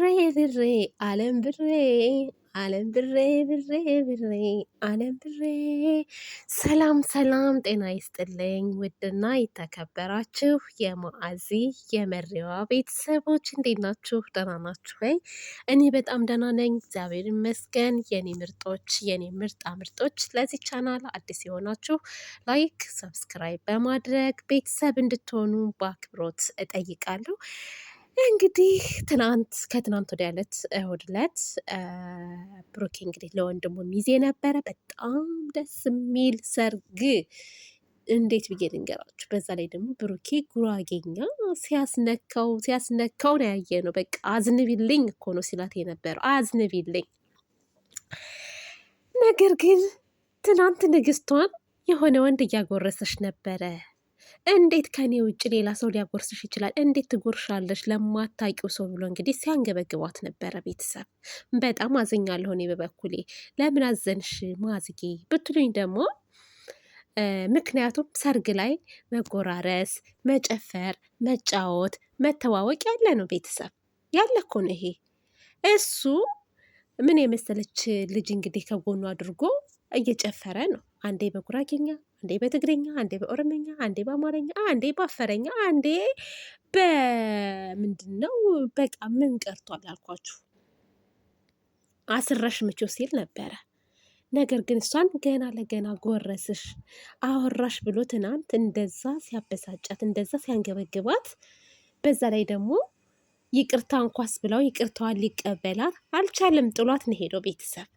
ብሬ ብሬ አለም ብሬ አለም ብሬ ብሬ ብሬ አለም ብሬ። ሰላም ሰላም፣ ጤና ይስጥልኝ ውድና የተከበራችሁ የማአዚ የመሪዋ ቤተሰቦች እንዴት ናችሁ? ደህና ናችሁ ወይ? እኔ በጣም ደህና ነኝ፣ እግዚአብሔር ይመስገን። የኔ ምርጦች፣ የኔ ምርጣ ምርጦች፣ ለዚህ ቻናል አዲስ የሆናችሁ ላይክ፣ ሰብስክራይብ በማድረግ ቤተሰብ እንድትሆኑ በአክብሮት እጠይቃለሁ። እንግዲህ ትናንት ከትናንት ወዲያ ዕለት እሑድ ዕለት ብሩኬ እንግዲህ ለወንድሙ ሚዜ ነበረ። በጣም ደስ የሚል ሰርግ እንዴት ብዬ ልንገራችሁ። በዛ ላይ ደግሞ ብሩኬ ጉራጌኛ ሲያስነካው ሲያስነካው ነው ያየ ነው። በቃ አዝንቢልኝ እኮ ነው ሲላት የነበረው አዝንቢልኝ። ነገር ግን ትናንት ንግስቷን የሆነ ወንድ እያጎረሰች ነበረ እንዴት ከኔ ውጭ ሌላ ሰው ሊያጎርስሽ ይችላል? እንዴት ትጎርሻለሽ? ለማታውቂው ሰው ብሎ እንግዲህ ሲያንገበግቧት ነበረ። ቤተሰብ በጣም አዘኛ እኔ በበኩሌ። ለምን አዘንሽ ማዝጌ ብትሉኝ ደግሞ ምክንያቱም ሰርግ ላይ መጎራረስ፣ መጨፈር፣ መጫወት፣ መተዋወቅ ያለ ነው። ቤተሰብ ያለ እኮ ነው ይሄ። እሱ ምን የመሰለች ልጅ እንግዲህ ከጎኑ አድርጎ እየጨፈረ ነው። አንዴ በጉራጌኛ አንዴ በትግርኛ፣ አንዴ በኦሮምኛ፣ አንዴ በአማርኛ፣ አንዴ በአፈረኛ፣ አንዴ በምንድን ነው በቃ ምን ቀርቷል ያልኳችሁ አስረሽ ምቾ ሲል ነበረ። ነገር ግን እሷን ገና ለገና ጎረስሽ አወራሽ ብሎ ትናንት እንደዛ ሲያበሳጫት እንደዛ ሲያንገበግባት በዛ ላይ ደግሞ ይቅርታ እንኳስ ብለው ይቅርታዋን ሊቀበላት አልቻለም። ጥሏት ነው ሄደው ቤተሰብ።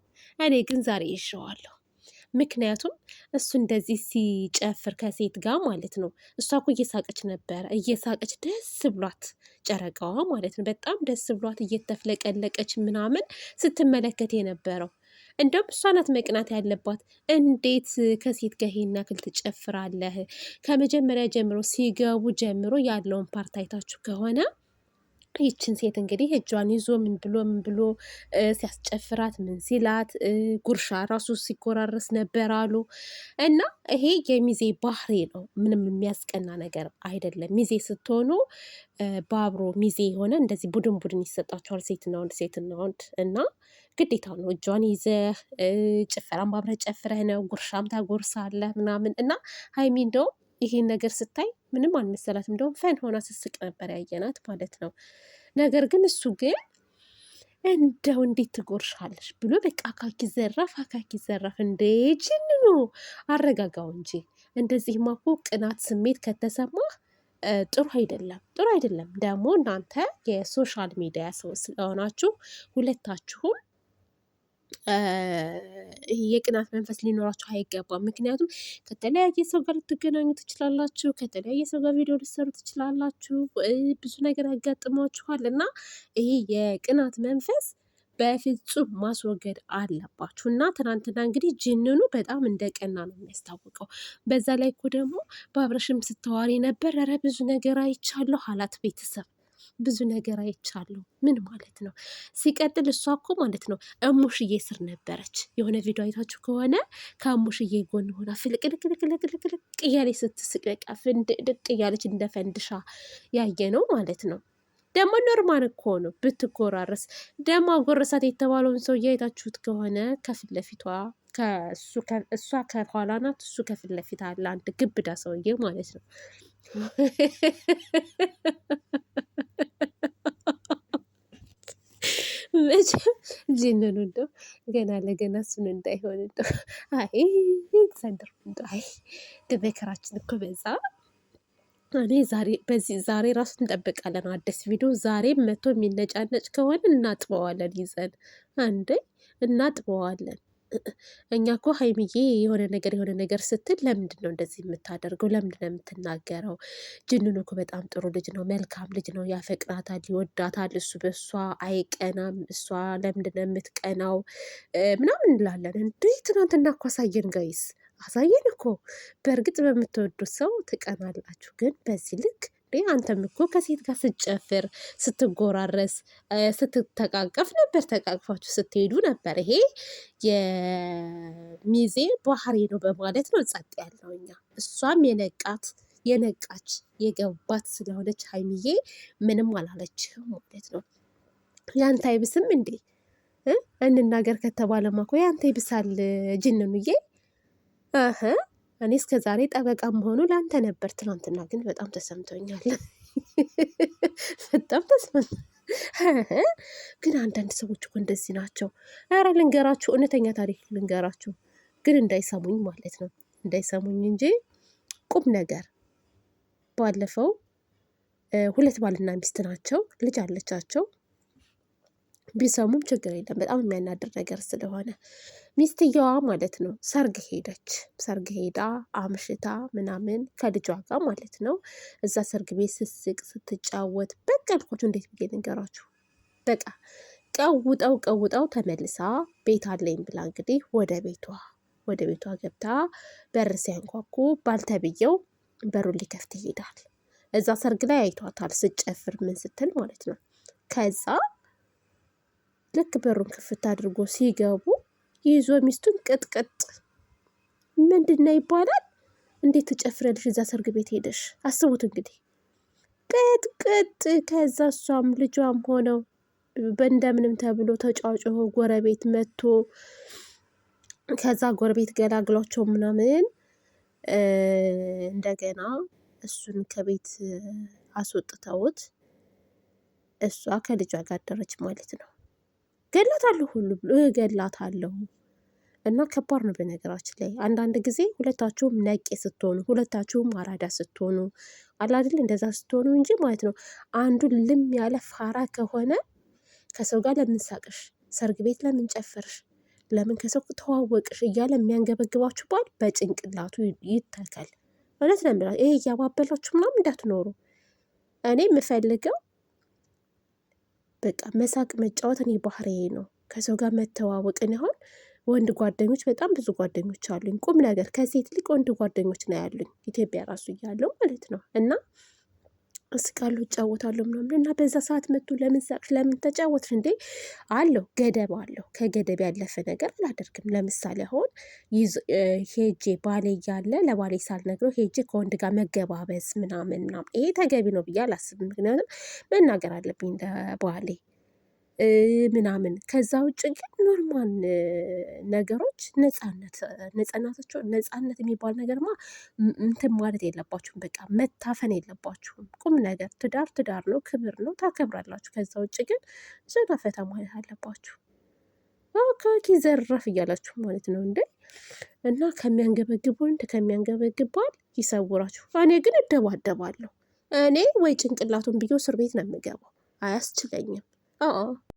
እኔ ግን ዛሬ ይሸዋለሁ። ምክንያቱም እሱ እንደዚህ ሲጨፍር ከሴት ጋር ማለት ነው። እሷ እኮ እየሳቀች ነበረ፣ እየሳቀች ደስ ብሏት ጨረቃዋ ማለት ነው። በጣም ደስ ብሏት እየተፍለቀለቀች ምናምን ስትመለከት የነበረው እንደውም እሷ ናት መቅናት ያለባት። እንዴት ከሴት ጋር ይሄን ያክል ትጨፍራለህ? ከመጀመሪያ ጀምሮ ሲገቡ ጀምሮ ያለውን ፓርት አይታችሁ ከሆነ ይችን ሴት እንግዲህ እጇን ይዞ ምን ብሎ ምን ብሎ ሲያስጨፍራት ምን ሲላት ጉርሻ ራሱ ሲጎራረስ ነበር አሉ። እና ይሄ የሚዜ ባህሪ ነው፣ ምንም የሚያስቀና ነገር አይደለም። ሚዜ ስትሆኑ በአብሮ ሚዜ የሆነ እንደዚህ ቡድን ቡድን ይሰጣቸዋል። ሴትና ወንድ፣ ሴትና ወንድ እና ግዴታ ነው። እጇን ይዘህ ጭፈራም አብረህ ጨፍረህ ነው፣ ጉርሻም ታጎርሳለህ ምናምን እና ሀይሚ እንደውም ይሄን ነገር ስታይ ምንም አልመሰላትም። እንደውም ፈን ሆና ስስቅ ነበር ያየናት ማለት ነው። ነገር ግን እሱ ግን እንደው እንዴት ትጎርሻለሽ ብሎ በቃ አካኪ ዘራፍ አካኪ ዘራፍ። እንዴ ጅንኑ አረጋጋው እንጂ እንደዚህ ማኮ ቅናት ስሜት ከተሰማ ጥሩ አይደለም፣ ጥሩ አይደለም። ደግሞ እናንተ የሶሻል ሚዲያ ሰው ስለሆናችሁ ሁለታችሁም የቅናት መንፈስ ሊኖራችሁ አይገባም። ምክንያቱም ከተለያየ ሰው ጋር ልትገናኙ ትችላላችሁ፣ ከተለያየ ሰው ጋር ቪዲዮ ልትሰሩ ትችላላችሁ። ብዙ ነገር ያጋጥሟችኋል እና ይሄ የቅናት መንፈስ በፍጹም ማስወገድ አለባችሁ እና ትናንትና እንግዲህ ጅንኑ በጣም እንደቀና ነው የሚያስታውቀው። በዛ ላይ እኮ ደግሞ በአብረሽም ስተዋሪ ነበር። ኧረ ብዙ ነገር አይቻለሁ አላት ቤተሰብ ብዙ ነገር አይቻለሁ። ምን ማለት ነው? ሲቀጥል እሷ እኮ ማለት ነው እሙሽዬ ስር ነበረች። የሆነ ቪዲዮ አይታችሁ ከሆነ ከእሙሽዬ ጎን ሆና ፍልቅልቅልቅልቅልቅ እያለች ስትስቅ በቃ ፍንድቅ እያለች እንደ ፈንድሻ ያየ ነው ማለት ነው። ደግሞ ኖርማን እኮ ነው ብትጎራረስ። ደግሞ አጎረሳት የተባለውን ሰውዬ አይታችሁት ከሆነ ከፊት ለፊቷ እሷ ከኋላ ናት፣ እሱ ከፊት ለፊት አለ። አንድ ግብዳ ሰውዬ ማለት ነው። መቼም ጂንን እንደው ገና ለገና እሱን እንዳይሆን እንደው አይ ዘንድሮ እንደው አይ መከራችን እኮ በዛ። እኔ ዛሬ በዚህ ዛሬ ራሱ እንጠብቃለን አዲስ ቪዲዮ። ዛሬ መቶ የሚነጫነጭ ከሆነ እናጥበዋለን፣ ይዘን አንዴ እናጥበዋለን። እኛ እኮ ሀይሚዬ የሆነ ነገር የሆነ ነገር ስትል ለምንድን ነው እንደዚህ የምታደርገው? ለምንድን ነው የምትናገረው? ጅንኑ እኮ በጣም ጥሩ ልጅ ነው፣ መልካም ልጅ ነው፣ ያፈቅራታል፣ ይወዳታል። እሱ በእሷ አይቀናም፣ እሷ ለምንድን ነው የምትቀናው? ምናምን እንላለን። እንደ ትናንትና እኮ አሳየን ጋይስ፣ አሳየን እኮ። በእርግጥ በምትወዱት ሰው ትቀናላችሁ፣ ግን በዚህ ልክ አንተም እኮ ከሴት ጋር ስትጨፍር፣ ስትጎራረስ፣ ስትተቃቀፍ ነበር። ተቃቅፋችሁ ስትሄዱ ነበር። ይሄ የሚዜ ባህሪ ነው በማለት ነው ጸጥ ያለው። እኛ እሷም የነቃት የነቃች የገባት ስለሆነች ሀይሚዬ ምንም አላለችም ማለት ነው። ያንተ አይብስም እንዴ? እንናገር ከተባለማ እኮ ያንተ ይብሳል ጅንኑዬ። እኔ እስከ ዛሬ ጠበቃ መሆኑ ለአንተ ነበር። ትናንትና ግን በጣም ተሰምቶኛል፣ በጣም ተሰምቶ ግን አንዳንድ ሰዎች እኮ እንደዚህ ናቸው። ኧረ ልንገራችሁ፣ እውነተኛ ታሪክ ልንገራችሁ፣ ግን እንዳይሰሙኝ ማለት ነው፣ እንዳይሰሙኝ እንጂ ቁም ነገር። ባለፈው ሁለት ባልና ሚስት ናቸው፣ ልጅ አለቻቸው። ቢሰሙም ችግር የለም። በጣም የሚያናድር ነገር ስለሆነ ሚስትየዋ ማለት ነው ሰርግ ሄደች። ሰርግ ሄዳ አምሽታ ምናምን ከልጇ ጋር ማለት ነው እዛ ሰርግ ቤት ስስቅ ስትጫወት፣ በቃ ልኮቹ እንዴት ብዬ ነገራችሁ በቃ ቀውጠው ቀውጠው ተመልሳ ቤት አለኝ ብላ እንግዲህ ወደ ቤቷ ወደ ቤቷ ገብታ በር ሲያንኳኩ ባልተብየው በሩን ሊከፍት ይሄዳል። እዛ ሰርግ ላይ አይቷታል ስጨፍር ምን ስትል ማለት ነው ከዛ ልክ በሩን ክፍት አድርጎ ሲገቡ ይዞ ሚስቱን ቅጥቅጥ ምንድነው ይባላል። እንዴት ትጨፍሪያለሽ እዛ ሰርግ ቤት ሄደሽ? አስቡት እንግዲህ ቅጥቅጥ። ከዛ እሷም ልጇም ሆነው በእንደምንም ተብሎ ተጫጭሆ ጎረቤት መጥቶ ከዛ ጎረቤት ገላግሏቸው ምናምን እንደገና እሱን ከቤት አስወጥተውት እሷ ከልጇ ጋር አደረች ማለት ነው። ገላታለሁ ሁሉ ብሎ እና ከባድ ነው። በነገራችን ላይ አንዳንድ ጊዜ ሁለታችሁም ነቄ ስትሆኑ ሁለታችሁም አራዳ ስትሆኑ አላድል እንደዛ ስትሆኑ እንጂ ማለት ነው አንዱ ልም ያለ ፋራ ከሆነ ከሰው ጋር ለምን ሳቅሽ፣ ሰርግ ቤት ለምን ጨፈርሽ፣ ለምን ከሰው ተዋወቅሽ እያለ የሚያንገበግባችሁ ባል በጭንቅላቱ ይተካል። እውነት ነው። ይሄ እያባበላችሁ ምናምን እንዳትኖሩ እኔ የምፈልገው በቃ መሳቅ መጫወት እኔ ባህሬ ነው። ከሰው ጋር መተዋወቅን ያሁን ወንድ ጓደኞች በጣም ብዙ ጓደኞች አሉኝ። ቁም ነገር ከሴት ይልቅ ወንድ ጓደኞች ነው ያሉኝ ኢትዮጵያ ራሱ እያለው ማለት ነው እና እስቃለሁ እጫወታለሁ ምናምን እና በዛ ሰዓት መቶ ለምን ሳቅሽ ለምን ተጫወትሽ እንዴ አለው ገደብ አለው ከገደብ ያለፈ ነገር አላደርግም ለምሳሌ አሁን ሄጄ ባሌ እያለ ለባሌ ሳልነግረው ሄጄ ከወንድ ጋር መገባበዝ ምናምን ምናምን ይሄ ተገቢ ነው ብዬ አላስብም ምክንያቱም መናገር አለብኝ ባሌ ምናምን። ከዛ ውጭ ግን ኖርማል ነገሮች ነጻነት ነጻነት የሚባል ነገርማ እንትን ማለት የለባችሁም። በቃ መታፈን የለባችሁም። ቁም ነገር ትዳር ትዳር ነው፣ ክብር ነው፣ ታከብራላችሁ። ከዛ ውጭ ግን ዘና ፈታ ማለት አለባችሁ። አካኪ ዘራፍ እያላችሁ ማለት ነው እንዴ! እና ከሚያንገበግብ ወንድ ከሚያንገበግብ ይሰውራችሁ። እኔ ግን እደባደባለሁ። እኔ ወይ ጭንቅላቱን ብዬ እስር ቤት ነው የምገባው። አያስችለኝም። Oh.